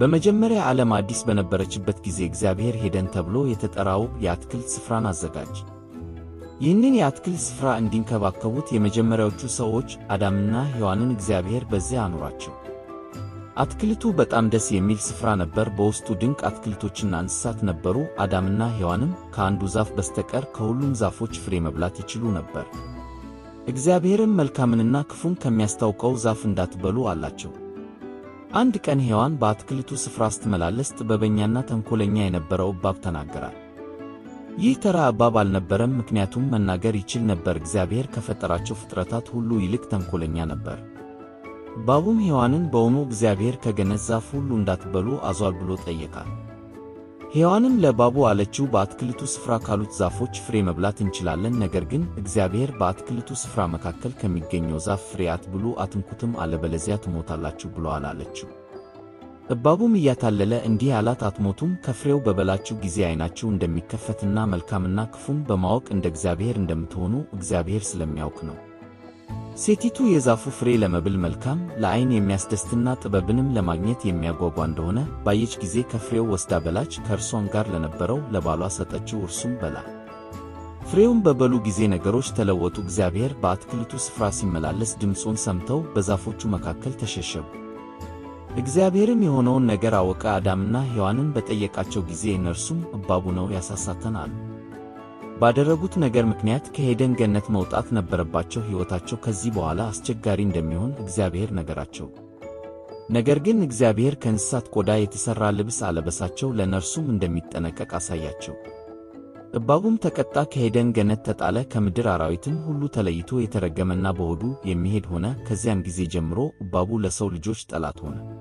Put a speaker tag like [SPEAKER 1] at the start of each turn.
[SPEAKER 1] በመጀመሪያ ዓለም አዲስ በነበረችበት ጊዜ እግዚአብሔር ሄደን ተብሎ የተጠራው የአትክልት ስፍራን አዘጋጅ። ይህንን የአትክልት ስፍራ እንዲንከባከቡት የመጀመሪያዎቹ ሰዎች አዳምና ሔዋንን እግዚአብሔር በዚያ አኑሯቸው። አትክልቱ በጣም ደስ የሚል ስፍራ ነበር። በውስጡ ድንቅ አትክልቶችና እንስሳት ነበሩ። አዳምና ሔዋንም ከአንዱ ዛፍ በስተቀር ከሁሉም ዛፎች ፍሬ መብላት ይችሉ ነበር። እግዚአብሔርም መልካምንና ክፉን ከሚያስታውቀው ዛፍ እንዳትበሉ አላቸው። አንድ ቀን ሔዋን በአትክልቱ ስፍራ ስትመላለስ ጥበበኛና ተንኮለኛ የነበረው እባብ ተናገራል። ይህ ተራ እባብ አልነበረም፣ ምክንያቱም መናገር ይችል ነበር። እግዚአብሔር ከፈጠራቸው ፍጥረታት ሁሉ ይልቅ ተንኮለኛ ነበር። እባቡም ሔዋንን በውኑ እግዚአብሔር ከገነት ዛፍ ሁሉ እንዳትበሉ አዟል ብሎ ጠየቃል። ሔዋንም ለእባቡ አለችው፣ በአትክልቱ ስፍራ ካሉት ዛፎች ፍሬ መብላት እንችላለን። ነገር ግን እግዚአብሔር በአትክልቱ ስፍራ መካከል ከሚገኘው ዛፍ ፍሬ አትብሉ፣ አትንኩትም፣ አለበለዚያ ትሞታላችሁ ብለዋል አለችው። እባቡም እያታለለ እንዲህ አላት፣ አትሞቱም፣ ከፍሬው በበላችሁ ጊዜ ዐይናችሁ እንደሚከፈትና መልካምና ክፉም በማወቅ እንደ እግዚአብሔር እንደምትሆኑ እግዚአብሔር ስለሚያውቅ ነው። ሴቲቱ የዛፉ ፍሬ ለመብል መልካም፣ ለዓይን የሚያስደስትና ጥበብንም ለማግኘት የሚያጓጓ እንደሆነ ባየች ጊዜ ከፍሬው ወስዳ በላች። ከእርሷን ጋር ለነበረው ለባሏ ሰጠችው፣ እርሱም በላ። ፍሬውን በበሉ ጊዜ ነገሮች ተለወጡ። እግዚአብሔር በአትክልቱ ስፍራ ሲመላለስ ድምፁን ሰምተው በዛፎቹ መካከል ተሸሸጉ። እግዚአብሔርም የሆነውን ነገር አወቀ። አዳምና ሔዋንን በጠየቃቸው ጊዜ እነርሱም እባቡ ነው ያሳሳተን አሉ። ባደረጉት ነገር ምክንያት ከሄደን ገነት መውጣት ነበረባቸው። ሕይወታቸው ከዚህ በኋላ አስቸጋሪ እንደሚሆን እግዚአብሔር ነገራቸው። ነገር ግን እግዚአብሔር ከእንስሳት ቆዳ የተሠራ ልብስ አለበሳቸው፣ ለነርሱም እንደሚጠነቀቅ አሳያቸው። እባቡም ተቀጣ፣ ከሄደን ገነት ተጣለ። ከምድር አራዊትም ሁሉ ተለይቶ የተረገመና በሆዱ የሚሄድ ሆነ። ከዚያም ጊዜ ጀምሮ እባቡ ለሰው ልጆች ጠላት ሆነ።